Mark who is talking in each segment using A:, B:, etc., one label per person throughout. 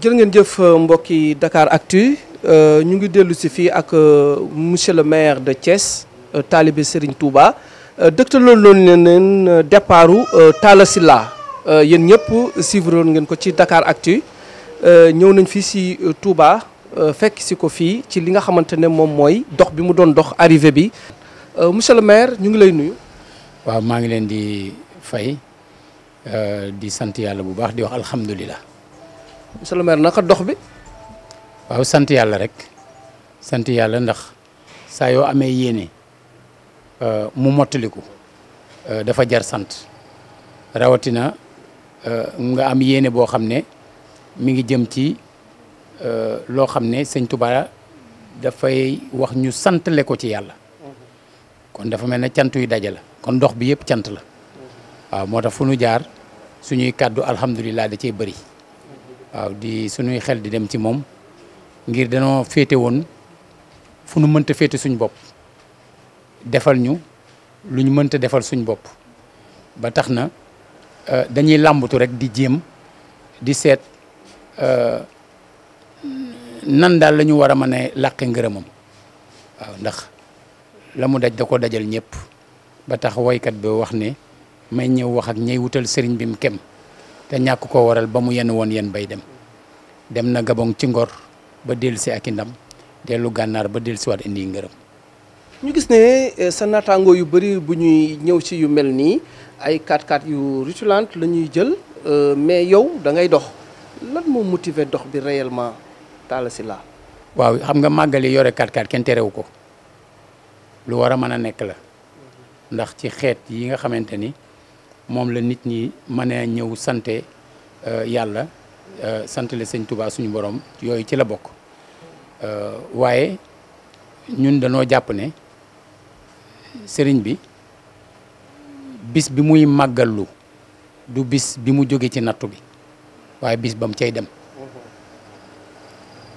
A: jërë ngeen jëf mbokki Dakar Actu euh, ñu ngi dellu si fii ak euh, monsieur le maire de Thiès euh, taalibe Serigne Touba dëgtaloon loolu ne leen départu Talla Sylla Euh, yéen ñëpp sivron woon ngeen ko ci Dakar Actu euh, ñëw nañ fii si euh, Touba fekk si ko fii ci li nga
B: xamante ne moom mooy dox bi mu doon dox arrivé bi monsieur le maire ñu ngi lay nuyu. ngi di fay di sant yàlla bu baax di wax alhamdulilah.
A: monsieur le maire naka dox bi.
B: rek ndax mu dafa jar sant rawatina. Euh, nga am yéene boo xam ne mu ngi jëm ci euh, loo xam ne sëñ Touba dafay wax ñu santale ko ci yàlla kon dafa mel ne cant yu daje la kon ndox bi yëpp cant la waaw moo tax fu nu jaar suñuy kàddu alhamdulilah da cee bari waaw di suñuy xel di dem ci moom ngir danoo féete woon fu nu mënta féete suñ bopp defal ñu lu ñu mënta defal suñ bopp ba tax na Euh, dañuy làmbatu rek di jéem di seet euh, nan daal la ñu war a mën a làqe ngërëmam waaw ndax la mu daj da ko dajal ñëpp ba tax woykat bi wax ne may ñëw wax ak ñey wutal sëriñ bi mu kem te ñàkk koo waral ba mu yenn woon yenn bay dem dem na Gabon ci ngor ba dellusi ak i ndam dellu gànnaar ba dellusiwaat indi ngërëm
A: ñu gis ne euh, sa naataangoo yu bëri bu ñuy ñëw ci yu mel nii ay 4 x yu rutulante la ñuy jël euh, mais yow da ngay dox lan moom motiver dox bi tàll si Sylla
B: waaw xam nga màggali yore 4x4 kenn terewu ko lu war a mën a nekk la ndax ci xeet yi nga xamante ni moom la nit ñi mën a ñëw sante euh, yàlla sant la sëñ tubaa suñu borom yooyu ci la bokk waaye ñun dañoo jàpp ne sëriñ bi bis bi muy màggalu du bis bi mu jóge ci nattu bi waaye bis ba mu cay dem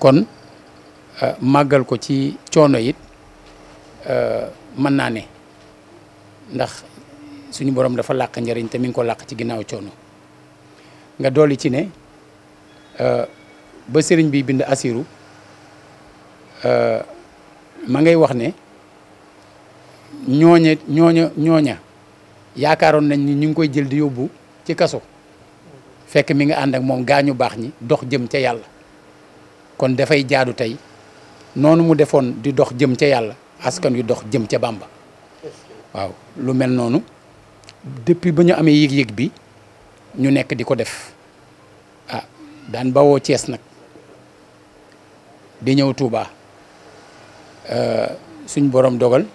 B: kon euh, màggal ko ci coono it euh, mën naa ne ndax suñu borom dafa làq njëriñ te mi ngi ko làq ci ginnaaw coono nga dolli ci ne euh, ba sëriñ bi bind asiru ma ngay wax ne ñooñe ñooña ñooña yaakaaroon nañ ni ñu ngi koy jël di yóbbu ci kaso fekk mi nga ànd ak moom gaa ñu baax ñi dox jëm ca yàlla kon dafay jaadu tey noonu mu defoon di dox jëm ca yàlla askan wi dox jëm ca Bàmba waaw lu mel noonu depuis ba ñu amee yëg-yëg bi ñu nekk di ko def ah daan bawoo Cees nag di ñëw Tuubaa euh, suñ boroom dogal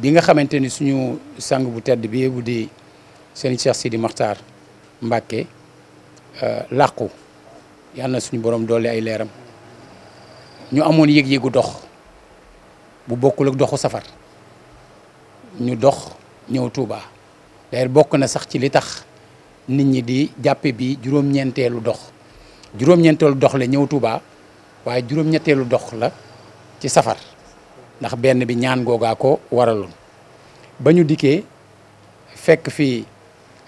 B: bi nga xamante ni suñu sang bu tedd bi bu di seen Cheikh Sidi Maxtaar Mbàkke euh, làqu yàlla na suñu borom doole ay leeram ñu amoon yég yëgu dox bu bokkul ak doxu safar ñu dox ñëw Touba d'ailleurs bokk na sax ci li tax nit ñi di jàppe bi juróom-ñeenteelu dox juróom-ñeenteelu dox la ñëw Touba waaye juróom-ñetteelu dox la ci safar ndax benn bi ñaan googaa ko waraloon ba ñu dikkee fekk fi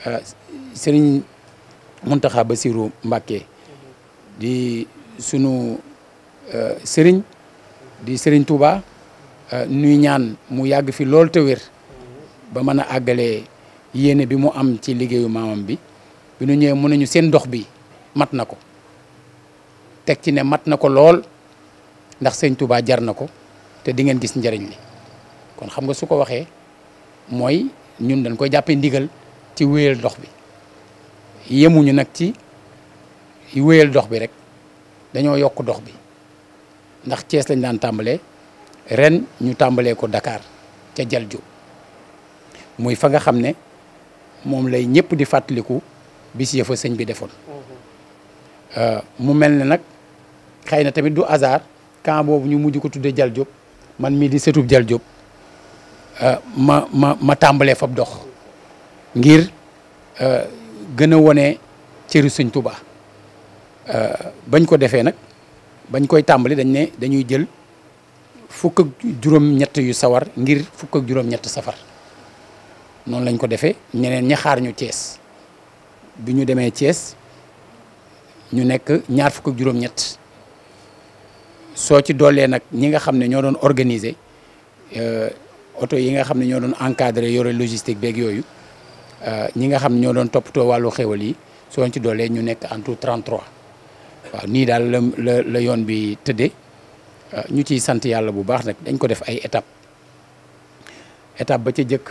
B: euh, sëriñ Muntaxa Basiru Mbàkke di sunu euh, sëriñ di sëriñ Touba euh, nuy ñaan mu yàgg fi lool te wér ba mën a àggalee yéene bi mu am ci liggéeyu maamam bi bi nu ñëwee mu ñu seen dox bi mat na ko teg ci ne mat na ko lool ndax sëriñ Touba jar na te di ngeen gis njëriñ li kon xam nga su ko waxee mooy ñun dañ koy jàppee ndigal ci wéyal dox bi yemuñu nag ci wéyal dox bi rek dañoo yokk dox bi ndax Thiès lañ daan ren ñu tàmbalee ko Dakar ca jal jo muy fa nga lay di fàttaliku bis yëfa sëñ bi defoon mhm. euh, mu mel nak nag xëy tamit du hasard camp boobu ñu mujj ko man mi di setup Jal Diop euh, ma ma ma tambale fab dox ngir euh, woné ci ru seigne touba euh bañ ko défé nak bañ koy tàmbali dañ ne dañuy jël fukk ak juróom-ñett yu sawar ngir fukk ak juróom-ñett safar non lañ ko défé ñeneen ñi xaar ñu ties biñu démé ties ñu nek ñaar fukk ak juróom-ñett soo ci doolee nag ñi nga xam ne ñoo doon organiser euh, oto yi nga xam ne ñoo doon encadrer yore logistique beeg yooyu euh, ñi nga xam ne ñoo doon toppatoo wàllu xéwal yi soo ci doolee ñu nekk en tout 33 waaw nii daal la la la yoon bi tëddee euh, ñu ciy sant yàlla bu baax nag dañ ko def ay étape étape ba ca jëkk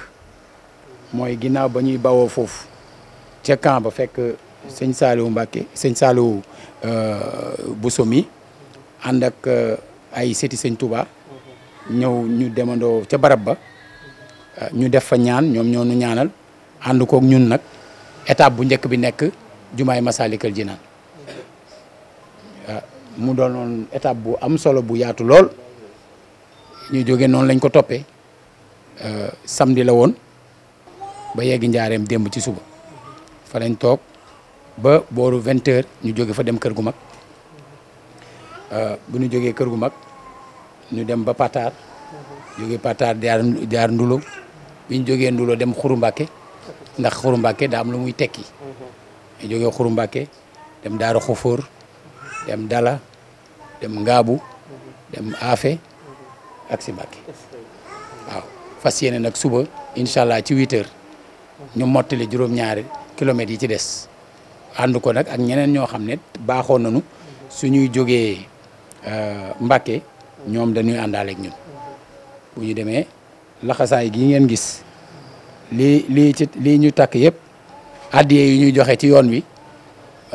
B: mooy ginnaaw ba ñuy bawoo foofu ca camp fekk sëñ Saliou Mbacké sëñ Saliou bu mi ànd ak euh, ay seti sëñ Touba ñëw ñu demandoo ca barab ba euh, ñu def fa ñaan ñoom ñoo nu ñaanal ànd kook ñun nag étape bu njëkk bi nekk jumaay Masaalikal Jinaan euh, mu doonoon étape bu am solo bu yaatu lool ñu jóge noonu lañ ko toppee samdi la woon ba yegg njaareem demb ci suba fa lañ toog ba booru vingt ñu jóge fa dem kër gu mag Euh, bu ñu jógee kër gu mag ñu dem ba Pataar jógee Pataar jaar jaar Ndulo bi ñu jógee Ndulo dem xur mbake ndax xur mbake daam am lu muy tekki ñu jógee Xuru Mbàkke dem Daaru Xufóor dem Dala dem Ngaabu dem Afe ak si Mbàkke waaw fas yéene nag suba incha allah ci huit heures ñu mottali juróom-ñaari kilomètres yi ci des ànd ko nag ak ñeneen ñoo xam ne baaxoon nañu suñuy jógee Euh, Mbàkke ñoom dañuy àndaaleeg ñun bu ñu demee laxasaay gi ngeen gis li li lii ñu takk yëpp addiye yu ñuy joxe ci yoon wi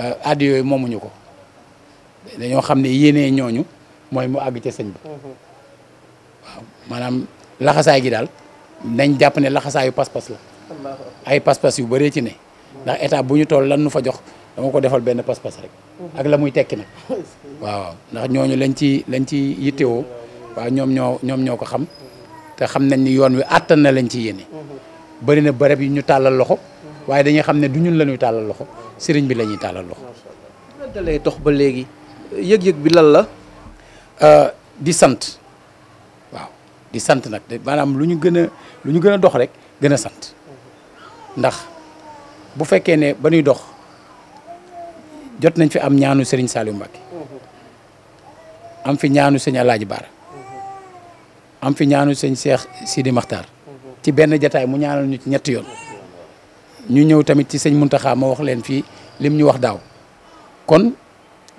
B: euh, addiye moomuñu ko dañoo xam ne yéenee ñooñu mooy mu àgg ca sëñ bi mhm. waaw maanaam laxasaay gi daal dañ jàpp ne laxasaayu pas-pas la ay pas-pas yu bëree ci ne ndax état bu ñu toll lan nu fa jox dama ko defal benn pas-pas rek. Mhm. ak la muy tekki nag. waaw ndax ñooñu lañ ci lañ ci yittewoo waaw ñoom ñoo ñoom ñoo ko xam. te xam nañ ni yoon wi àttan na lañ ci yéene. Mhm. bëri na bërëb yi ñu tàllal loxo. Mhm. waaye dañuy xam ne du ñun lañuy tàllal loxo sëriñ bi lañuy tàllal loxo. da dox ba léegi yëg-yëg bi lan la. Euh, di sant waaw di sant nag maanaam lu ñu gën a lu ñu gën a dox rek gën a sant ndax bu fekkee ne ba ñuy dox. jot nañ fi am ñaanu sëriñ Saliou Mbacké
A: mm-hmm.
B: am fi ñaanu sëñ Alaaji Baara mm-hmm. am fi ñaanu sëñ Cheikh Sidi Makhtar mm-hmm. ci benn jataay mu ñaanal ñu ci ñetti yoon ñu ñëw tamit ci sëñ Muntaxa ma wax leen fii lim ñu wax daaw kon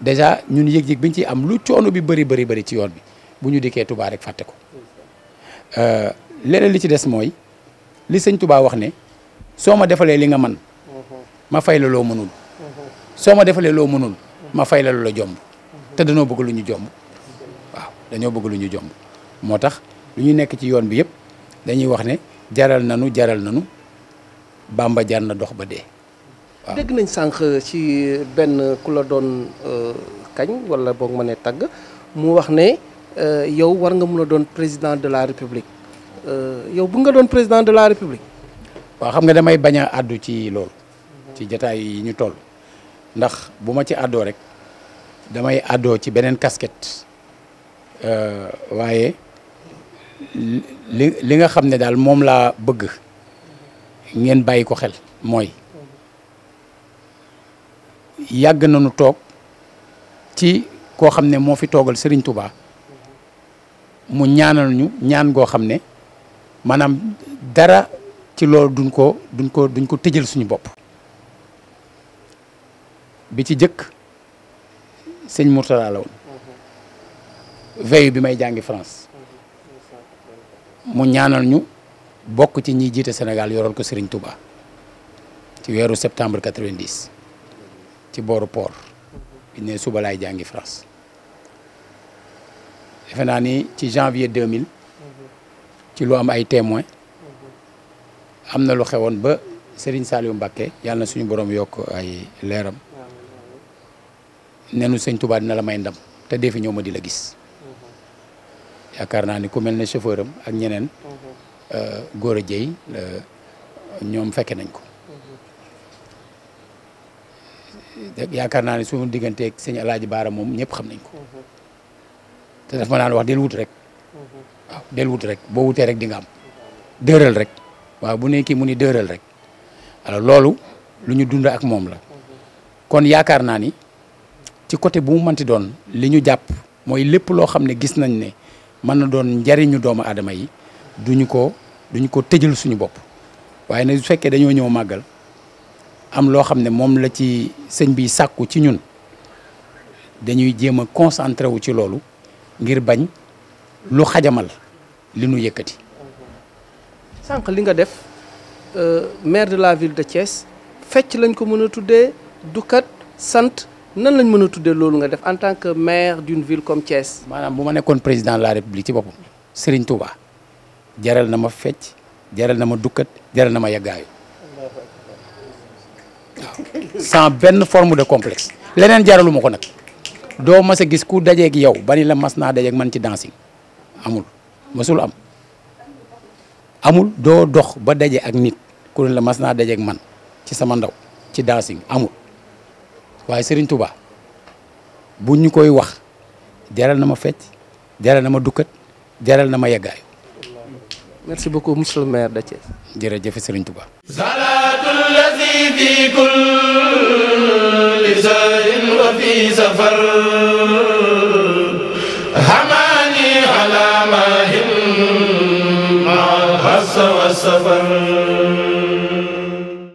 B: déjà ñun yëg-yëg biñ ci am lu coono bi bari bari bari ci yoon bi bu ñu dikkee Touba rek fàtte ko euh, leneen li ci des mooy li sëñ Touba wax ne soo ma defalee li nga man ma fay la loo mënul soo ma defalee loo mënul ma fay la lu la jomb te dañoo bëgg lu ñu jomb waaw dañoo bëgg lu ñu jomb moo tax lu ñu nekk ci yoon bi yëpp dañuy wax ne jaral nanu jaral nanu Bàmba jar na dox ba dee
A: waaw dégg nañ sànq ci benn ku la doon euh, kañ wala boog ma ne tagg mu wax ne euh, yow war nga mun a doon président de la république
B: euh, yow bu nga doon président de la république waa xam nga damay bañ àddu ci loolu ci jataay yi ñu toll ndax bu ma ci àddoo rek damay àddoo ci beneen casquette euh, waaye li nga xam ne daal moom laa bëgg ngeen bàyyi ko xel mooy yàgg nañu toog ci koo xam ne moo fi toogal sëriñ tubaa mu ñaanal ñu ñaan goo xam ne maanaam dara ci loolu duñ ko duñ ko duñ ko tëjal suñu bopp bi ci jëkk sëñ Mourtala la bi may jàngi France mu ñaanal ñu bokk ci ñiy jiite Sénégal yoroon ko Serigne Touba ci weeru septembre 90 ci booru port bi ne suba laay jàngi France defe naa ni ci janvier 2000 ci lu am ay témoins am na lu xewoon ba Serigne Saliou Mbacké yàlla suñu borom yokk ay leeram nenu sëñ Touba dina la may ndam te dee fi ñëw ma di la gis yaakaar naa ni ku mel ne chauffeur ak ñeneen góor a jëy ñoom fekke nañ ko yaakaar naa ne suñu digganteeg sëñ Alaaji Baara moom ñëpp xam nañ ko te daf ma naan wax del wut rek waaw del wut rek boo wutee rek di nga am dëral rek waaw bu ne kii mu ni dëral rek alors loolu lu ñu dund ak moom la kon yaakaar naa ni ci côté bu mu manti doon li ñu jàpp mooy lépp loo xam ne gis nañ ne mën na doon njariñu doomu aadama yi duñu ko duñu ko tëjal suñu bopp waaye nag su fekkee dañoo ñëw màggal am loo xam ne moom la ci sëñ bi sàkku ci ñun dañuy jéem a concentré wu ci loolu ngir bañ lu xajamal li nu yëkkati.
A: sànq li nga def euh, maire de la ville de Thiès fecc lañ ko mën a tuddee du kat sant. nan lañ mëna a tuddee loolu nga def en tant
B: que maire d'une ville comme Thiès. manam buma ma président de la république ci boppam Serigne Touba jaral na ma fecc jaral na ma dukkat jaral na ma yagaay sans benn forme de complexe lenen jaralu ma ko nak do ma sa gis ku ak yow bani la masna dajé ak man ci dancing amul masul am amul do dox ba dajé ak nit ku la masna dajé ak man ci sama ndaw ci dancing amul. waaye Serigne Touba bu ñu koy wax jaral na ma fecc jaral na ma dukkat jaral na ma yeggaayu. merci beaucoup monsieur le maire de Thiès. jërëjëf Serigne Touba. salaatul lazi fi kulli sahrin wa fi safar
A: hamani ala mahin ma al xassa wa safar